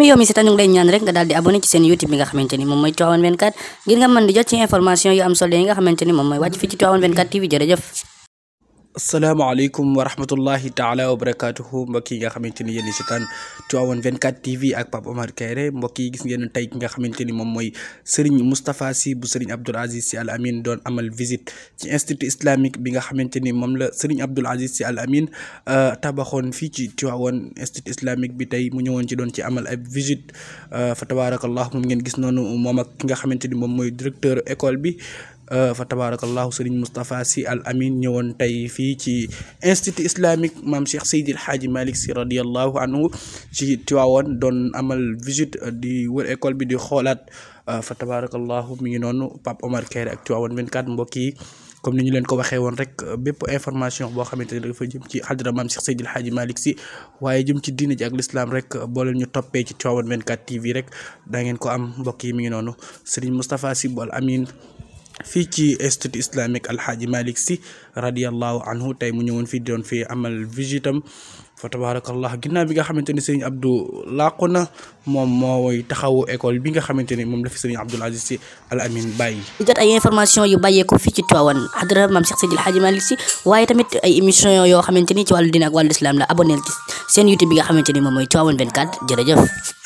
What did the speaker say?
mi yow mi seetaan ñu ngi ñaan rek nga daal di ci seen youtube bi nga xamante moom mooy Tivaouane 24 ngir nga mën di jot ci information yu am solo yi nga xamante moom mooy wàcc fii ci Tivaouane 24 TV jërëjëf asalaamaaleykum wa rahmatullahi taala wa barakaatuhu mbokk yi nga xamante ni yéen seetaan Tivaouane 24 TV ak Pape Omar Kayre mbokk yi gis ngeen tey ki nga xamante ni moom mooy Serigne Moustapha Sy bu Serigne Abdoul Aziz Sy Al Amine doon amal visite ci institut islamique bi nga xamante ni moom la Serigne Abdoul Aziz Sy Al Amine euh, tabaxoon fii ci Tivaouane institut islamique bi tey mu ñëwoon ci doon ci amal ab visite euh, fa tabaarakallah moom ngeen gis noonu moom ak ki nga xamante ni moom mooy directeur école bi. Euh, fa tabarakallahu sëriñ Moustapha Sy Al Amin ñëwoon tey fii ci institut islamique maam Cheikh Seydi El Hadji Malick Sy radiallahu anhu ci Tiwaawoon doon amal visite euh, di wër école bi di xoolaat euh, fa tabarakallahu mi ngi noonu Pape Omar Kéré ak Tiwaawoon 24 mbokk yi comme ni ñu leen ko waxee woon rek bépp information boo xamante ne dafa jëm ci xadra maam Cheikh Seydi El Hadji Malick Sy waaye jëm ci diine ji ak l'islam rek boo ñu toppee ci Tiwaawoon 24 TV rek da ngeen ko am mbokk yi mi ngi noonu sëriñ Moustapha Sy Al fii ci institut islamique alxaaji malik si radiallahu anhu tey mu ñëwoon fii doon fii amal visite am fa tabaarakallah ginnaaw bi nga xamante ni sëriñ Abdou làqu na moom mooy taxawu école bi nga xamante ni moom la fi sëriñ Abdoul Aziz Sy Al Amine bàyyi jot ay information yu bàyyeeko fii ci Tiwaawan xadra maam Cheikh Seydil Hadji Malick Sy waaye tamit ay émission yoo xamante ni ci wàllu diine ak wàllu islam la aboneel ci seen YouTube bi nga xamante ni moom mooy Tiwaawan 24 jërëjëf